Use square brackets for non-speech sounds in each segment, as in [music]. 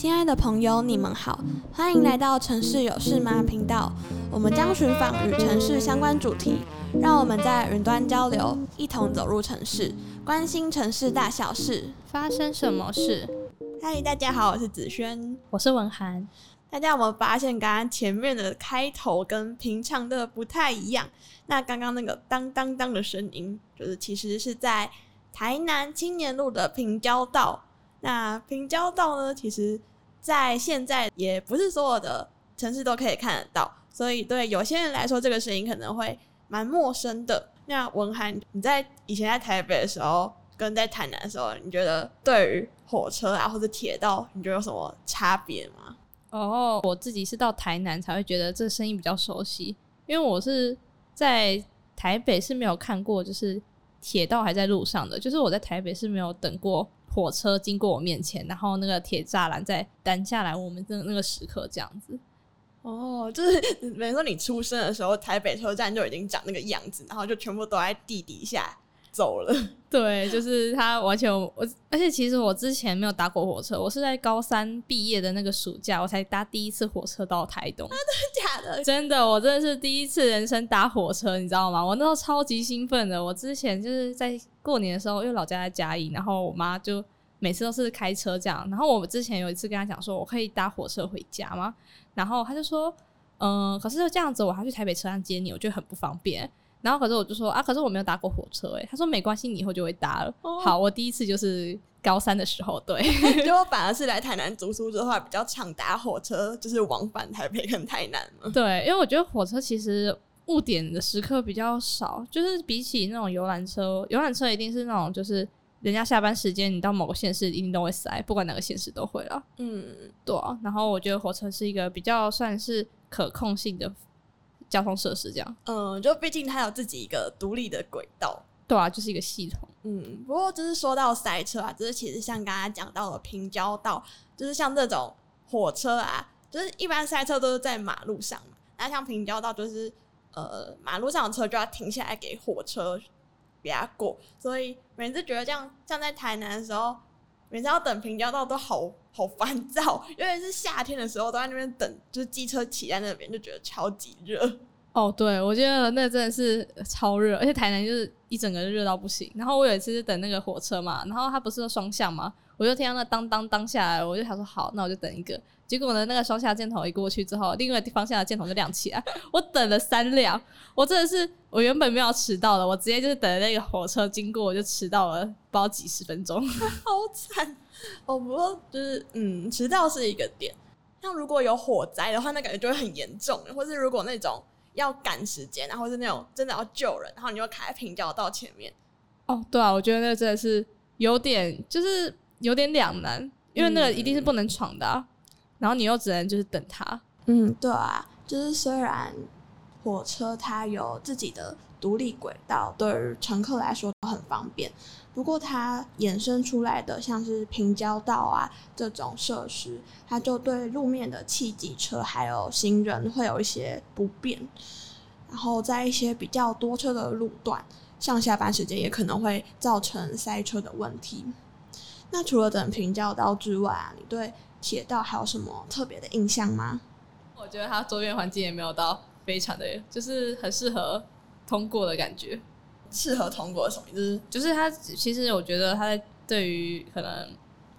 親愛的朋友，你們好，歡迎來到城市有事嗎頻道。我們將尋訪與城市相關主題，讓我們在雲端交流，一同走入城市，關心城市大小事，發生什麼事？嗨，大家好，我是子軒，我是玟涵。大家有沒有發現，剛剛前面的開頭跟平常的不太一樣？那剛剛那個當當當的聲音，就是其實是在台南青年路的平交道。那平交道呢，其實。在現在也不是所有的城市都可以看得到，所以對有些人來說，這個聲音，可能會蠻陌生的。那玟涵，你在以前在台北的時候，跟在台南的時候，你覺得對於火車啊或者鐵道，你覺得有什麼差別嗎？哦，oh, 我自己是到台南才會覺得這聲音比較熟悉，因為我是，在台北是沒有看過，就是鐵道還在路上的，就是我在台北是沒有等過，火車經過我面前，然後那個鐵柵欄再單下來，我們的那個時刻這樣子，哦，就是比如說你出生的時候，台北車站就已經長那個樣子，然後就全部都在地底下。走了，對，就是他。而且我，而且其實我之前沒有搭過火車，我是在高三畢業的那個暑假，我才搭第一次火車到台東。啊，真的假的？真的，我真的是第一次人生搭火車，你知道嗎？我那時候超級興奮的。我之前就是在過年的時候，因為老家在嘉義，然後我媽就每次都是開車這樣。然後我之前有一次跟他講說，我可以搭火車回家嗎？然後他就說，嗯，可是就這樣子我還去台北車站接你，我覺得很不方便。然後可是我就說啊，可是我沒有搭過火車誒、欸、他說，沒關係，你以後就會搭了。Oh. 好，我第一次就是高三的時候，對，結果 [laughs] 反而是來台南讀書的話比較常搭火車，就是往返台北跟台南嘛。對，因為我覺得火車其實誤點的時刻比較少，就是比起那種遊覽車，遊覽車一定是那種就是人家下班時間，你到某個縣市一定都會塞，不管哪個縣市都會了。嗯，對、啊。然後我覺得火車是一個比較算是可控性的交通設施這樣，嗯，就畢竟它有自己一個獨立的軌道，對啊，就是一個系統。嗯，不過就是說到塞車啊，就是其實像剛剛講到的平交道，就是像這種火車啊，就是一般塞車都是在馬路上嘛，那像平交道就是呃馬路上的車就要停下來給火車讓它過，所以每次覺得這樣，像在台南的時候。每次要等平交道都好好煩躁，尤其是夏天的時候，都在那邊等，就是機車騎在那邊就覺得超級熱。哦，對，我覺得那真的是超熱，而且台南就是一整個熱到不行。然後我有一次等那個火車嘛，然後它不是雙向嘛。我就聽到、啊、那當當當下來，我就想說好，那我就等一個。結果呢，那個雙下箭頭一過去之後，另一個方向的箭頭就亮起來。我等了三輛，我真的是，我原本沒有遲到的，我直接就是等那個火車經過，我就遲到了，不知道幾十分鐘，好慘。哦不過，就是嗯，遲到是一個點。像如果有火災的話，那感覺就會很嚴重，或是如果那種要趕時間，然後是那種真的要救人，然後你就卡在平交道前面。哦，對啊，我覺得那真的是有點就是。有點兩難，因為那個一定是不能闖的啊，嗯，然後你又只能就是等他。嗯，對啊，就是雖然火車它有自己的獨立軌道，對乘客來說都很方便，不過它衍生出來的像是平交道啊這種設施，它就對路面的汽機車還有行人會有一些不便。然後在一些比較多車的路段，上下班時間也可能會造成塞車的問題。那除了等平交道之外啊，你對鐵道還有什麼特別的印象嗎？我覺得它周邊環境也沒有到非常的，就是很適合通過的感覺。適合通過什麼意思？就是它其實我覺得它對於可能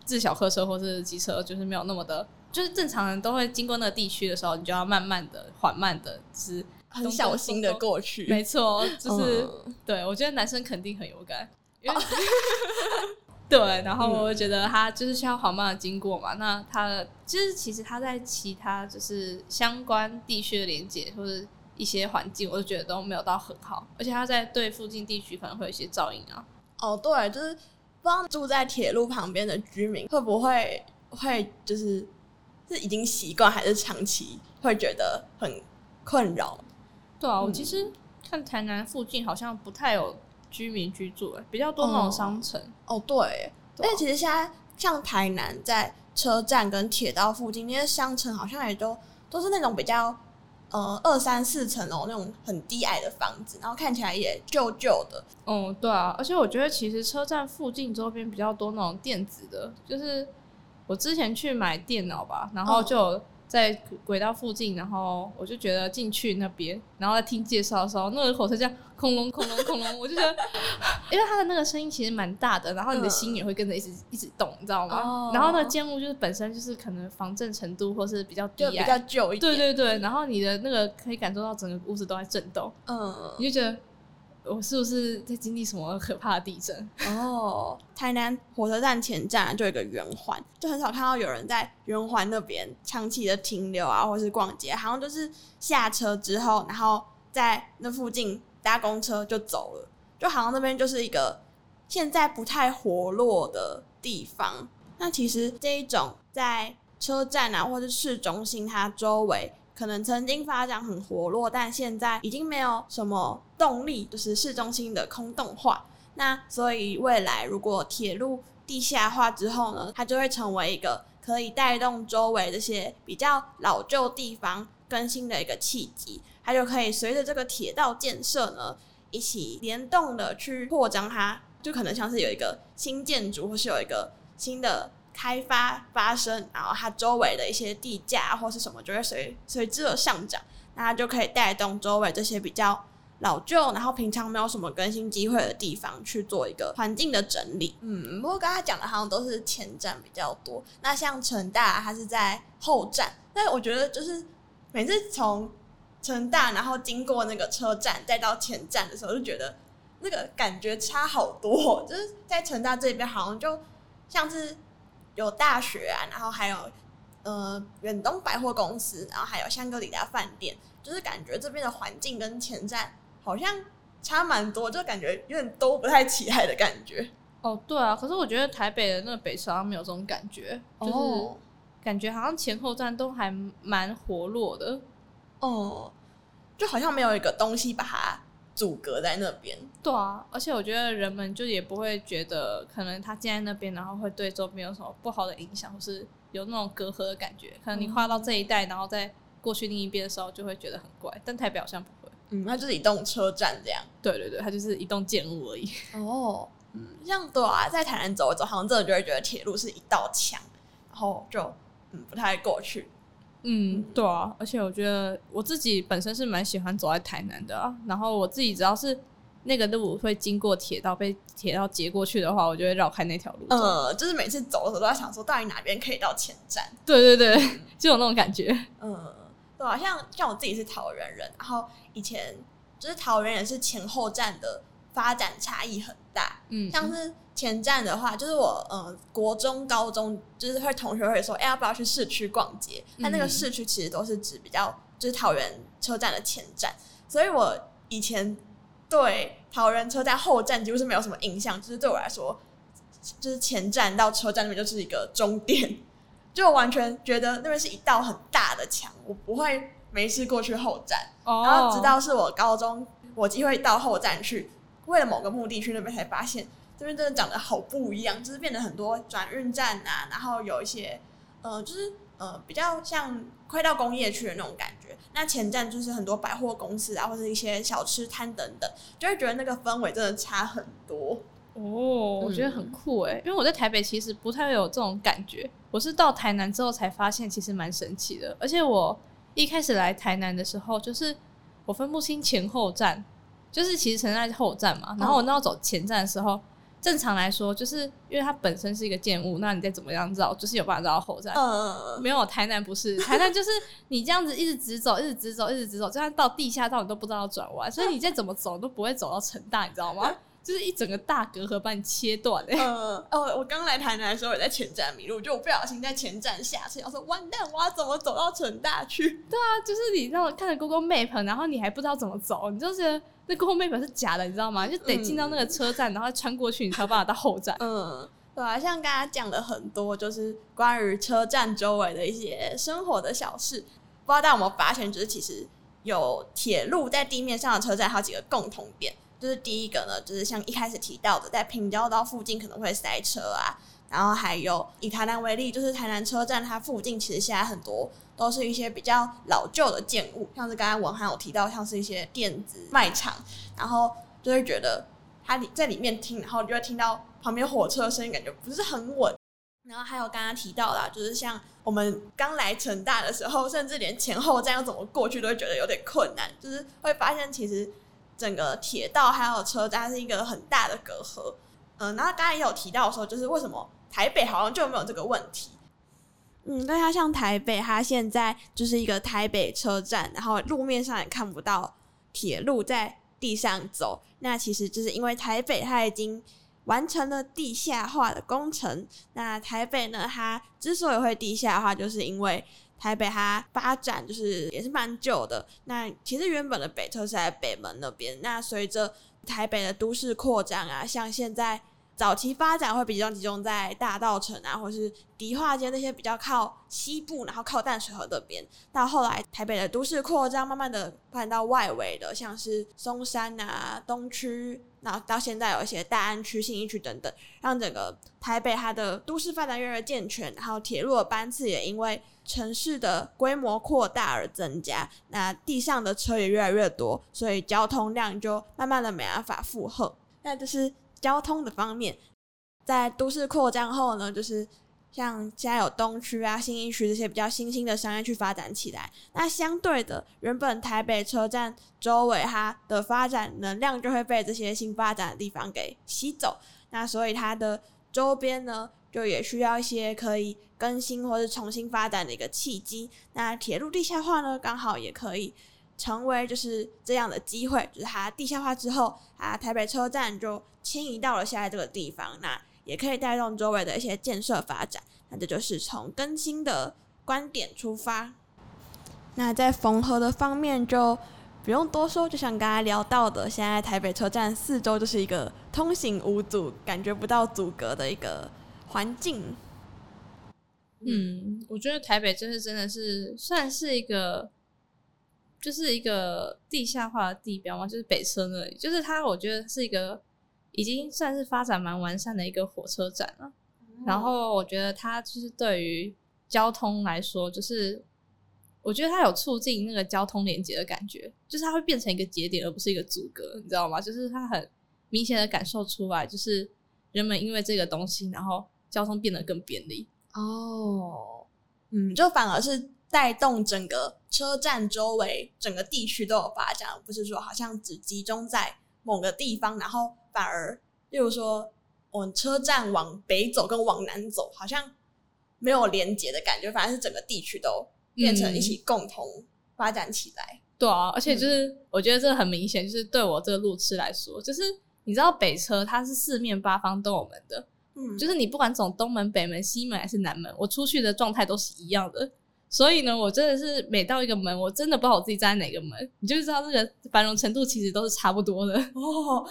自小客車或是機車，就是沒有那麼的，就是正常人都會經過那個地區的時候，你就要慢慢的、緩慢的，就是動動動很小心的過去。沒錯，就是、嗯、對，我覺得男生肯定很勇敢，因為、哦。 [laughs] 對，然後我就覺得他就是需要緩慢的經過嘛。嗯、那他就是其實他在其他就是相關地區的連接或者一些環境，我就覺得都沒有到很好。而且他在對附近地區可能會有一些噪音啊。哦，對，就是不知道住在鐵路旁邊的居民會不會會就是、就是已經習慣還是長期會覺得很困擾。對啊，嗯、我其實看台南附近好像不太有。居民居住、欸，比較多那種商城。哦、嗯，對，但其實現在像台南在車站跟鐵道附近，那些商城好像也都都是那種比較，呃，二三四層樓那種很低矮的房子，然後看起來也舊舊的。嗯，對啊，而且我覺得其實車站附近周邊比較多那種電子的，就是我之前去買電腦吧，然後就有。在軌道附近，然後我就覺得進去那邊，然後在聽介紹的時候，那個火車這樣，轟隆轟隆轟隆， [laughs] 我就覺得，因為它的那個聲音其實蠻大的，然後你的心也會跟着一直一直動，你知道嗎？嗯、然後那個建築就是本身就是可能防震程度或是比較低、比較舊一點，對對對，然後你的那個可以感受到整個屋子都在震動，嗯，你就覺得。我是不是在經歷什麼可怕的地震？哦， [laughs] 台南火車站前站就有一個圓環，就很少看到有人在圓環那邊長期的停留啊，或是逛街，好像就是下車之後，然後在那附近搭公車就走了，就好像那邊就是一個現在不太活絡的地方。那其實這一種在車站啊，或者市中心它周圍。可能曾經發展很活絡，但現在已經沒有什麼動力，就是市中心的空洞化。那所以未來如果鐵路地下化之後呢，它就會成為一個可以帶動周圍這些比較老舊地方更新的一個契機。它就可以隨着這個鐵道建設呢，一起聯動的去擴張它，就可能像是有一個新建築，或是有一個新的開發發生，然後它周圍的一些地價或是什麼就會隨隨之而上漲，那他就可以帶動周圍這些比較老舊，然後平常沒有什麼更新機會的地方去做一個環境的整理。嗯，不過剛才講的好像都是前站比較多，那像成大它是在後站，但我覺得就是每次從成大然後經過那個車站再到前站的時候，就覺得那個感覺差好多，就是在成大這邊好像就像是。有大學啊，然後還有呃遠東百貨公司，然後還有香格里拉飯店，就是感覺這邊的環境跟前站好像差蠻多，就感覺有點都不太起來的感覺。哦，對啊，可是我覺得台北的那個北車好像沒有這種感覺，就是感覺好像前後站都還蠻活絡的，哦，就好像沒有一個東西把它。阻隔在那邊，對啊，而且我覺得人們就也不會覺得，可能它建在那邊，然後會對周邊有什麼不好的影響，或是有那種隔閡的感覺。可能你跨到這一帶，然後再過去另一邊的時候，就會覺得很怪。但台北好像不會，嗯，它就是一棟車站這樣。對對對，它就是一棟建築而已。哦，oh. 嗯，這樣子啊，在台南走一走，好像真的就會覺得鐵路是一道牆，然後就嗯不太過去。嗯，對啊，而且我覺得我自己本身是蠻喜歡走在台南的，啊，然後我自己只要是那個路會經過鐵道被鐵道截過去的話，我就會繞開那條路。呃、嗯，就是每次走的時候都在想說，到底哪邊可以到前站？對對對，嗯、就有那種感覺。嗯、對、啊，好像像我自己是桃園人，然後以前就是桃園也是前後站的發展差異很大，嗯，像是。前站的話，就是我嗯、呃，國中、高中就是會同學會說，哎、欸，要不要去市區逛街？他、嗯、哼那個市區其實都是指比較就是桃園車站的前站，所以我以前對桃園車站後站幾乎是沒有什麼印象。就是對我來說，就是前站到車站那邊就是一個終點，就我完全覺得那邊是一道很大的牆，我不會沒事過去後站。哦、然後直到是我高中，我機會到後站去，為了某個目的去那邊才發現。這邊真的長得好不一樣，就是變得很多轉運站啊，然後有一些呃，就是呃比較像快到工業區的那種感覺。嗯、那前站就是很多百貨公司啊，或者一些小吃攤等等，就會覺得那個氛圍真的差很多哦。我覺得很酷哎、欸，嗯、因為我在台北其實不太會有這種感覺，我是到台南之後才發現其實蠻神奇的。而且我一開始來台南的時候，就是我分不清前後站，就是其實存在後站嘛，然後我那要走前站的時候。正常來說，就是因為它本身是一個建物，那你再怎麼樣繞，就是有辦法繞到後站。嗯、呃、沒有，台南不是台南，就是你這樣子一直直走， [laughs] 一直直走，一直直走，就算到地下道，你都不知道要轉彎，所以你再怎麼走都不會走到城大，你知道嗎？呃、就是一整個大隔閡把你切斷嘞、欸。嗯、呃。哦，我剛來台南的時候我也在前站迷路，就我不小心在前站下車，我說完蛋，我要怎麼走到城大去？對啊，就是你知道看着 Google Map，然後你還不知道怎麼走，你就是。那個後面本是假的，你知道嗎？就得進到那個車站，然後穿過去，你才有辦法到後站。 [laughs] 嗯，對啊。像剛剛講了很多，就是關於車站周圍的一些生活的小事。不知道大家有沒有發現，就是其實有鐵路在地面上的車站好幾個共同點。就是第一個呢，就是像一開始提到的，在平交道附近可能會塞車啊。然後還有以台南為例，就是台南車站它附近其實現在很多。都是一些比較老舊的建物，像是剛才玟涵有提到，像是一些電子賣場，然後就會覺得他在裡面聽，然後就會聽到旁邊火車的聲音，感覺不是很穩。然後還有剛剛提到啦、啊，就是像我們剛來成大的時候，甚至連前後站要怎麼過去都會覺得有點困難，就是會發現其實整個鐵道還有車站是一個很大的隔閡。嗯，然後剛剛也有提到說，就是為什麼台北好像就沒有這個問題？嗯，對，它像台北，它現在就是一個台北車站，然後路面上也看不到鐵路在地上走。那其實就是因為台北它已經完成了地下化的工程。那台北呢，它之所以會地下化，就是因為台北它發展就是也是蠻久的。那其實原本的北車是在北門那邊，那隨着台北的都市擴張啊，像現在。早期發展會比較集中在大稻埕啊，或是迪化街那些比較靠西部，然後靠淡水河這邊。到後來，台北的都市擴張，慢慢的發展到外圍的，像是松山啊、東區，然後到現在有一些大安區、信義區等等，讓整個台北它的都市發展越來越健全。然後，鐵路的班次也因為城市的規模擴大而增加，那地上的車也越來越多，所以交通量就慢慢的沒辦法負荷。那就是。交通的方面，在都市擴張後呢，就是像現在有東區啊、信義區這些比較新興的商業區發展起來。那相對的，原本台北車站周圍它的發展能量就會被這些新發展的地方給吸走。那所以它的周邊呢，就也需要一些可以更新或是重新發展的一個契機。那鐵路地下化呢，剛好也可以。成為就是這樣的機會，就是它地下化之後啊，它台北車站就遷移到了現在這個地方，那也可以帶動周圍的一些建設發展。那這就，就是從更新的觀點出發。那在縫合的方面就不用多說，就像剛才聊到的，現在台北車站四周就是一個通行無阻、感覺不到阻隔的一個環境。嗯，我覺得台北真是真的是算是一個。就是一個地下化的地標嘛，就是北車那裡，就是它。我覺得是一個已經算是發展蠻完善的一個火車站了。哦。然後我覺得它就是對於交通來說，就是我覺得它有促進那個交通連接的感覺，就是它會變成一個節點，而不是一個阻隔，你知道嗎？就是它很明顯的感受出來，就是人們因為這個東西，然後交通變得更便利。哦，嗯，就反而是。帶動整個車站周圍整個地區都有發展，不是說好像只集中在某個地方，然後反而，例如說往車站往北走跟往南走，好像沒有連接的感覺，反而是整個地區都變成一起共同發展起來。嗯，對啊，而且就是我覺得這很明顯，就是對我這個路痴來說，就是你知道北車它是四面八方都有門的，嗯，就是你不管走東門、北門、西門還是南門，我出去的狀態都是一樣的。所以呢，我真的是每到一個門，我真的不知道我自己站在哪個門。你就知道這個繁榮程度其實都是差不多的。哦，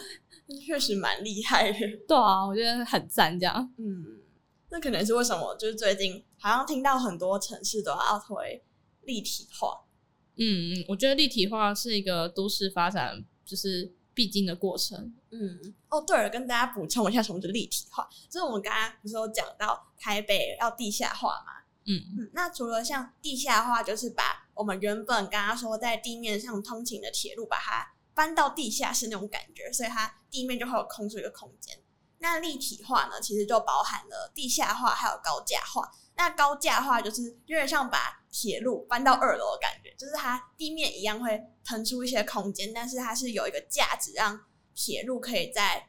確實蠻厲害的。 [laughs] 對啊，我覺得很讚這樣。嗯，那可能是為什麼就是最近好像聽到很多城市都要推立體化。嗯嗯，我覺得立體化是一個都市發展就是必經的過程。嗯，哦對了，跟大家補充一下，什麼叫立體化？就是我們剛剛不是有講到台北要地下化嗎？嗯，那除了像地下化，就是把我們原本剛剛說在地面上通勤的鐵路，把它搬到地下是那種感覺，所以它地面就會有空出一個空間。那立體化呢，其實就包含了地下化還有高架化。那高架化就是有點像把鐵路搬到二樓的感覺，就是它地面一樣會騰出一些空間，但是它是有一個架子，讓鐵路可以在。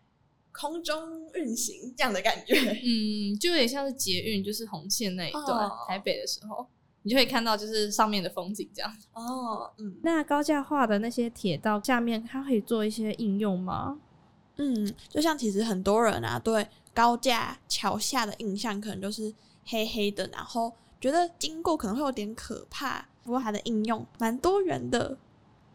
空中運行這樣的感覺，嗯，就有點像是捷運，就是紅線那一段，哦，台北的時候，你就會看到就是上面的風景這樣。哦，嗯，那高架化的那些鐵道下面，它可以做一些應用嗎？嗯，就像其實很多人啊，對，高架橋下的印象可能就是黑黑的，然後覺得經過可能會有點可怕。不過它的應用蠻多元的，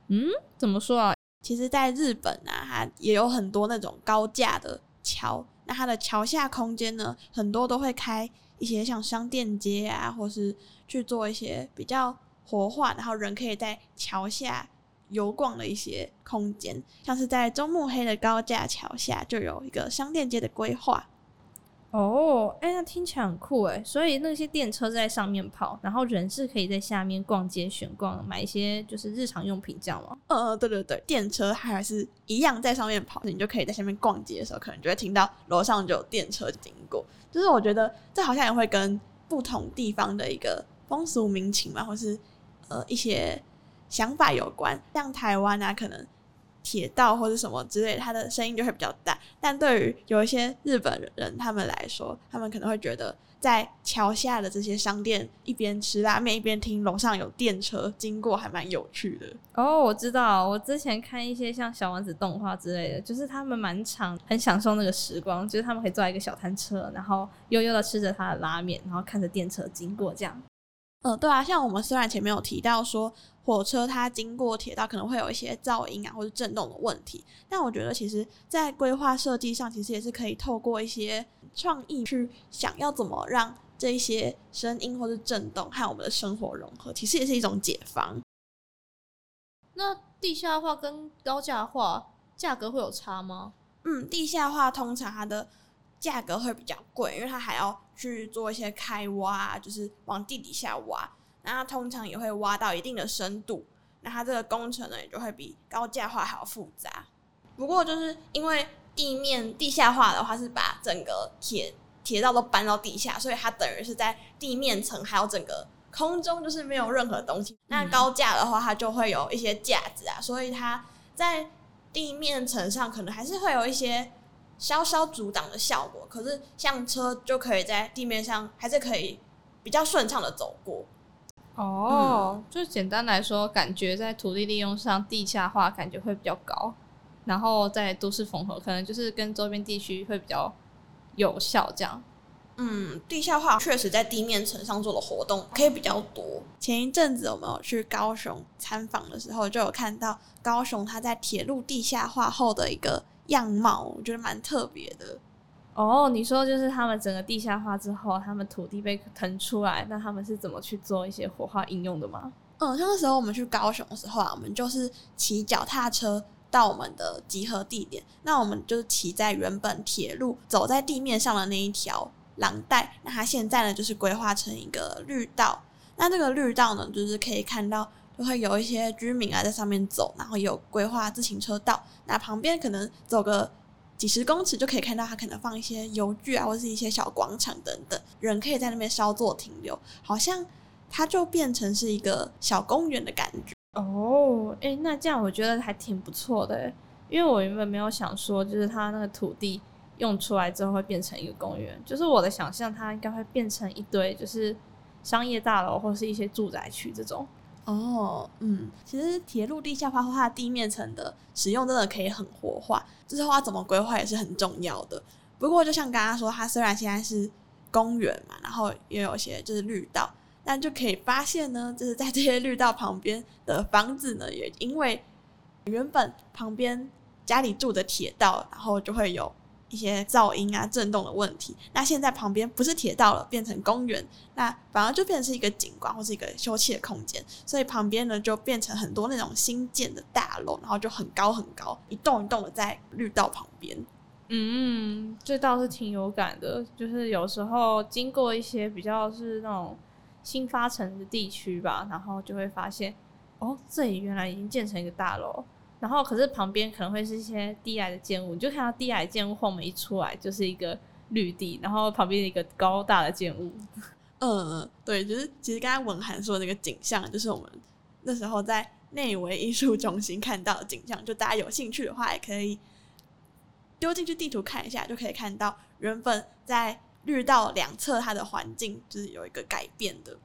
嗯，怎麼說啊？其實，在日本啊，它也有很多那種高架的橋，那它的橋下空間呢，很多都會開一些像商店街啊，或是去做一些比較活化，然後人可以在橋下遊逛的一些空間，像是在中目黑的高架橋下就有一個商店街的規劃。哦，哎、oh, 欸，那聽起來很酷哎！所以那些電車在上面跑，然後人是可以在下面逛街、閒逛、買一些就是日常用品，這樣嗎？呃，對對對，電車還是一樣在上面跑，你就可以在下面逛街的時候，可能就會聽到樓上就有電車經過。就是我覺得這好像也會跟不同地方的一個風俗民情嘛，或是呃一些想法有關，像台灣啊，可能。鐵道或者什麼之類，他的聲音就會比較大。但對於有一些日本人他們來說，他們可能會覺得在橋下的這些商店一邊吃拉麵一邊聽樓上有電車經過，還蠻有趣的。哦，我知道，我之前看一些像小丸子動畫之類的，就是他們蠻常很享受那個時光，就是他們可以坐在一個小攤車，然後悠悠的吃着他的拉麵，然後看着電車經過這樣。嗯、呃，對啊，像我們雖然前面有提到說。火車它經過鐵道可能會有一些噪音啊，或者震動的問題。但我覺得，其實，在規劃設計上，其實也是可以透過一些創意去想要怎麼讓這一些聲音或者震動和我們的生活融合，其實也是一種解方。那地下化跟高架化價格會有差嗎？嗯，地下化通常它的價格會比較貴，因為它還要去做一些開挖，就是往地底下挖。那它通常也會挖到一定的深度，那它這個工程呢，也就會比高架化還要複雜。不過就是因為地面地下化的話，是把整個鐵鐵道都搬到地下，所以它等於是在地面層還有整個空中就是沒有任何東西。那高架的話，它就會有一些架子啊，所以它在地面層上可能還是會有一些稍稍阻擋的效果。可是像車就可以在地面上，還是可以比較順暢的走過。哦，就簡單來說，感覺在土地利用上地下化感覺會比較高，然後在都市縫合可能就是跟周邊地區會比較有效，這樣。嗯，地下化確實在地面層上做的活動可以比較多。前一陣子我們有去高雄參訪的時候，就有看到高雄它在鐵路地下化後的一個樣貌，我覺得蠻特別的。哦，oh, 你說就是他們整個地下化之後，他們土地被騰出來，那他們是怎麼去做一些活化應用的嗎？嗯，那個時候我們去高雄的時候啊，我們就是騎腳踏車到我們的集合地點，那我們就是騎在原本鐵路走在地面上的那一條廊帶，那它現在呢就是規劃成一個綠道，那這個綠道呢就是可以看到就會有一些居民啊在上面走，然後有規劃自行車道，那旁邊可能走個。幾十公尺就可以看到，它可能放一些遊具啊，或是一些小廣場等等，人可以在那邊稍作停留，好像它就變成是一個小公園的感覺哦。哎、oh, 欸，那這樣我覺得還挺不錯的耶，因為我原本沒有想說，就是它那個土地用出來之後會變成一個公園，就是我的想象，它應該會變成一堆就是商業大樓或是一些住宅區這種。哦，嗯，其實鐵路地下化或地面層的使用真的可以很活化，就是它怎麼規劃也是很重要的。不過，就像剛剛說，它雖然現在是公園嘛，然後也有一些就是綠道，但就可以發現呢，就是在這些綠道旁邊的房子呢，也因為原本旁邊家裡住的鐵道，然後就會有。一些噪音啊、震動的問題。那現在旁邊不是鐵道了，變成公園，那反而就變成是一個景觀或是一個休憩的空間。所以旁邊呢，就變成很多那種新建的大樓，然後就很高很高，一棟一棟的在綠道旁邊。嗯，這倒是挺有感的。就是有時候經過一些比較是那種新發城的地區吧，然後就會發現，哦，這裡原來已經建成一個大樓。然後，可是旁邊可能會是一些低矮的建築物，你就看到低矮建築物後面一出來就是一個綠地，然後旁邊一個高大的建築物。嗯、呃，對，就是其實剛剛玟涵說那個景象，就是我們那時候在內惟藝術中心看到的景象。就大家有興趣的話，也可以丟進去地圖看一下，就可以看到原本在綠道兩側它的環境就是有一個改變的。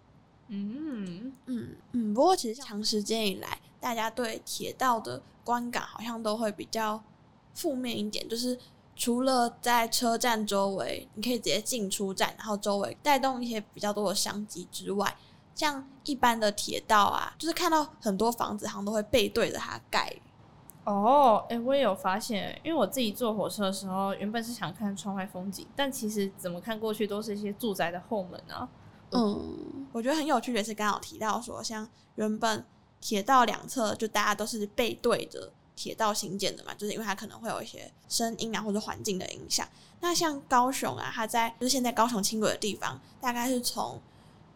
嗯嗯嗯。不過，其實長時間以來，大家對鐵道的觀感好像都會比較負面一點，就是除了在車站周圍，你可以直接進出站，然後周圍帶動一些比較多的商機之外，像一般的鐵道啊，就是看到很多房子，好像都會背對着它蓋。哦，哎、欸，我也有發現，因為我自己坐火車的時候，原本是想看窗外風景，但其實怎麼看過去都是一些住宅的後門啊。嗯，我覺得很有趣的是，剛好提到說，像原本。鐵道兩側就大家都是背對着鐵道興建的嘛，就是因為它可能會有一些聲音啊，或者環境的影響。那像高雄啊，它在就是現在高雄輕軌的地方，大概是從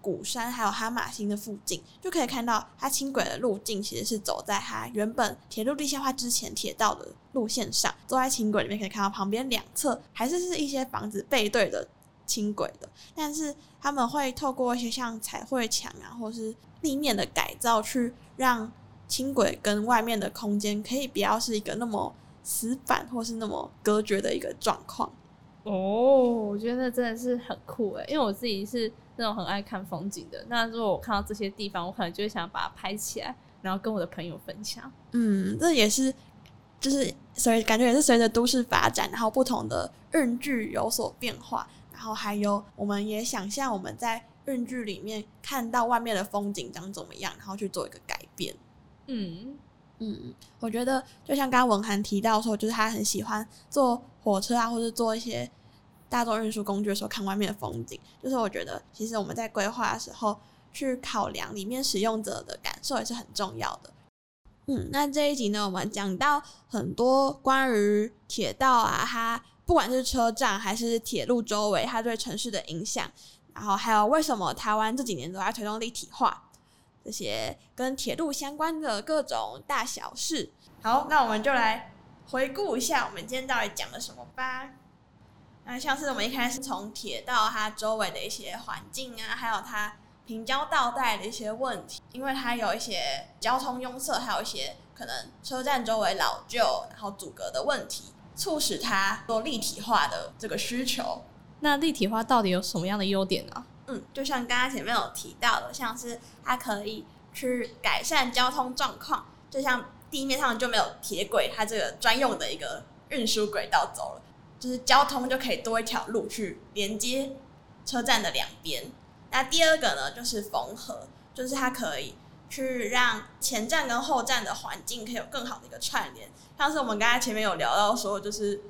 鼓山還有哈瑪星的附近，就可以看到它輕軌的路徑其實是走在它原本鐵路地下化之前鐵道的路線上。坐在輕軌裡面可以看到旁邊兩側還是是一些房子背對着輕軌的，但是他們會透過一些像彩繪牆啊，或是立面的改造去。讓輕軌跟外面的空間可以不要是一個那麼死板或是那麼隔絕的一個狀況。哦，oh, 我覺得那真的是很酷誒，因為我自己是那種很愛看風景的。那如果我看到這些地方，我可能就會想把它拍起來，然後跟我的朋友分享。嗯，這也是就是，所以感覺也是隨着都市發展，然後不同的認知有所變化，然後還有我們也想象我們在。運具裡面看到外面的風景長怎麼樣，然後去做一個改變。嗯嗯，我覺得就像剛剛文涵提到說，就是他很喜歡坐火車啊，或者坐一些大眾運輸工具的時候看外面的風景。就是我覺得，其實我們在規劃的時候去考量裡面使用者的感受也是很重要的。嗯，那這一集呢，我們講到很多關於鐵道啊，它不管是車站還是鐵路周圍，它對城市的影響。然後還有為什麼台灣這幾年都在推動立體化？這些跟鐵路相關的各種大小事。好，那我們就來回顧一下我們今天到底講了什麼吧。那像是我們一開始從鐵道它周圍的一些環境啊，還有它平交道帶的一些問題，因為它有一些交通擁塞，還有一些可能車站周圍老舊然後阻隔的問題，促使它做立體化的這個需求。那立體化到底有什麼樣的優點呢？啊？嗯，就像剛剛前面有提到的，像是它可以去改善交通狀況，就像地面上就沒有鐵軌，它這個專用的一個運輸軌道走了，就是交通就可以多一條路去連接車站的兩邊。那第二個呢，就是縫合，就是它可以去讓前站跟後站的環境可以有更好的一個串聯，像是我們剛剛前面有聊到說，就是。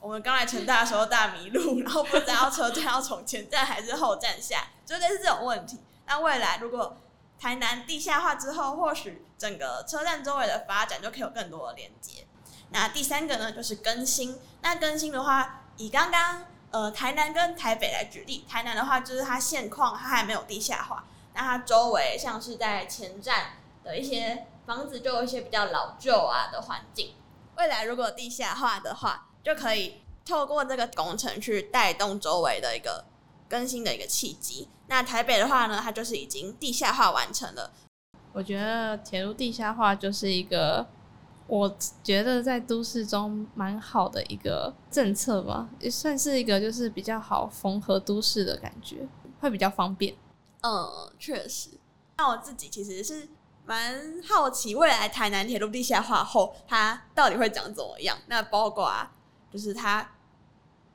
我們剛來成大的時候，大迷路，然後不知道車站要從前站還是後站下，絕對是這種問題。那未來如果台南地下化之後，或許整個車站周圍的發展就可以有更多的連接。那第三個呢，就是更新。那更新的話，以剛剛呃台南跟台北來舉例，台南的話就是它現況它還沒有地下化，那它周圍像是在前站的一些房子，就有一些比較老舊啊的環境。未來如果地下化的話，就可以透過這個工程去帶動周圍的一個更新的一個契機。那台北的話呢，它就是已經地下化完成了。我覺得鐵路地下化就是一個，我覺得在都市中蠻好的一個政策吧，也算是一個就是比較好縫合都市的感覺，會比較方便。嗯，確實。那我自己其實是蠻好奇，未來台南鐵路地下化後，它到底會長怎麼樣？那包括、啊。就是他，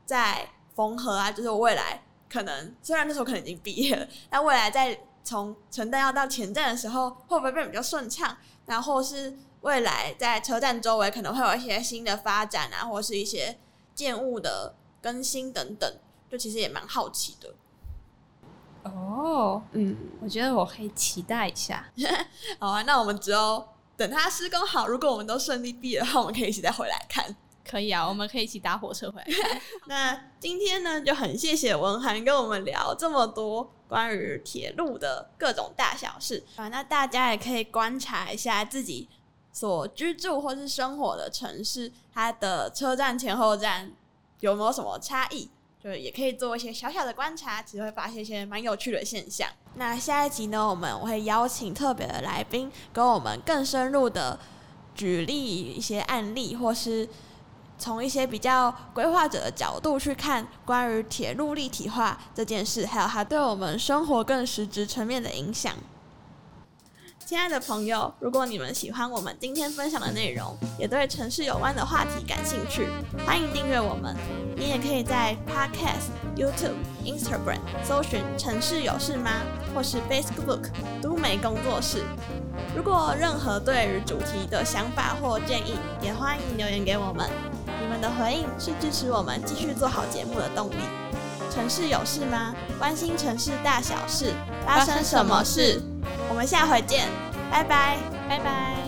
在縫合啊，就是未來可能雖然那時候可能已經畢業了，但未來在從城站要到前站的時候，會不會變比較順暢？然後是未來在車站周圍可能會有一些新的發展啊，或是一些建物的更新等等，就其實也蠻好奇的。哦，oh, 嗯，我覺得我可以期待一下。 [laughs] 好啊，那我們只有等他施工好，如果我們都順利畢業的話，我們可以一起再回來看。可以啊，我們可以一起搭火車回來。 [laughs] 那今天呢，就很謝謝文涵跟我們聊這麼多關於鐵路的各種大小事啊。那大家也可以觀察一下自己所居住或是生活的城市，它的車站前後站有沒有什麼差異？就是也可以做一些小小的觀察，其實會發現一些蠻有趣的現象。那下一集呢，我們我會邀請特別的來賓，跟我們更深入的舉例一些案例或是。從一些比較規劃者的角度去看，關於鐵路立體化這件事，還有它對我們生活更實質層面的影響。親愛的朋友，如果你們喜歡我們今天分享的內容，也對城市有關的話題感興趣，歡迎訂閱我們。你也可以在 Podcast、YouTube、Instagram 搜尋“城市有事嗎”或是 Facebook 都媒工作室。如果任何對於主題的想法或建議，也歡迎留言給我們。的回應是支持我們繼續做好節目的動力。城市有事嗎？關心城市大小事，發生什麼事？發生什麼事？我們下回見，拜拜，拜拜。